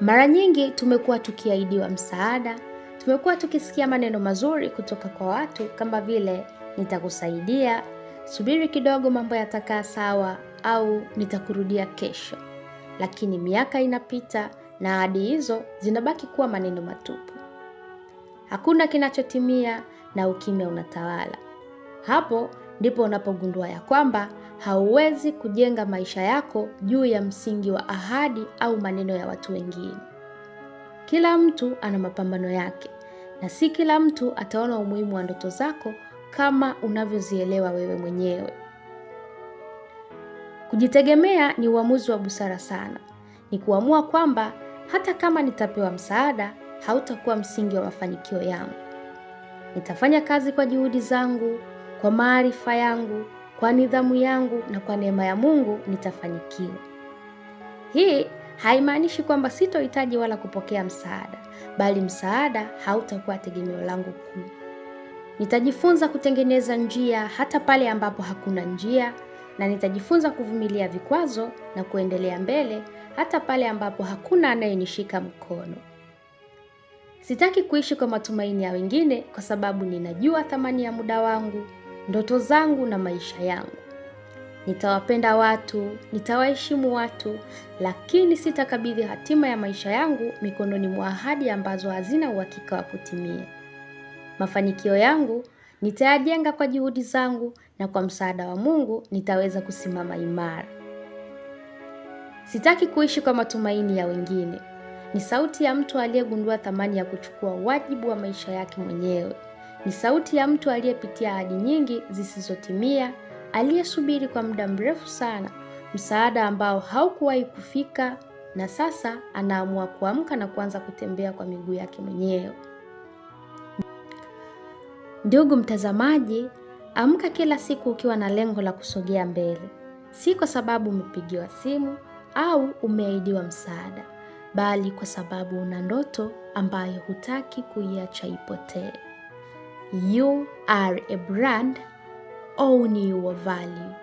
Mara nyingi tumekuwa tukiahidiwa msaada, tumekuwa tukisikia maneno mazuri kutoka kwa watu kama vile nitakusaidia, subiri kidogo, mambo yatakaa sawa, au nitakurudia kesho. Lakini miaka inapita na ahadi hizo zinabaki kuwa maneno matupu. Hakuna kinachotimia na ukimya unatawala. Hapo ndipo unapogundua ya kwamba hauwezi kujenga maisha yako juu ya msingi wa ahadi au maneno ya watu wengine. Kila mtu ana mapambano yake na si kila mtu ataona umuhimu wa ndoto zako kama unavyozielewa wewe mwenyewe. Kujitegemea ni uamuzi wa busara sana. Ni kuamua kwamba hata kama nitapewa msaada, hautakuwa msingi wa mafanikio yangu. Nitafanya kazi kwa juhudi zangu kwa maarifa yangu, kwa nidhamu yangu na kwa neema ya Mungu nitafanikiwa. Hii haimaanishi kwamba sitohitaji wala kupokea msaada, bali msaada hautakuwa tegemeo langu kuu. Nitajifunza kutengeneza njia hata pale ambapo hakuna njia, na nitajifunza kuvumilia vikwazo na kuendelea mbele hata pale ambapo hakuna anayenishika mkono. Sitaki kuishi kwa matumaini ya wengine, kwa sababu ninajua thamani ya muda wangu, ndoto zangu na maisha yangu. Nitawapenda watu, nitawaheshimu watu, lakini sitakabidhi hatima ya maisha yangu mikononi mwa ahadi ambazo hazina uhakika wa kutimia. Mafanikio yangu nitayajenga kwa juhudi zangu na kwa msaada wa Mungu nitaweza kusimama imara. Sitaki kuishi kwa matumaini ya wengine. Ni sauti ya mtu aliyegundua thamani ya kuchukua wajibu wa maisha yake mwenyewe. Ni sauti ya mtu aliyepitia ahadi nyingi zisizotimia, aliyesubiri kwa muda mrefu sana msaada ambao haukuwahi kufika, na sasa anaamua kuamka na kuanza kutembea kwa miguu yake mwenyewe. Ndugu mtazamaji, amka kila siku ukiwa na lengo la kusogea mbele, si kwa sababu umepigiwa simu au umeahidiwa msaada, bali kwa sababu una ndoto ambayo hutaki kuiacha ipotee. You are a brand, own your value.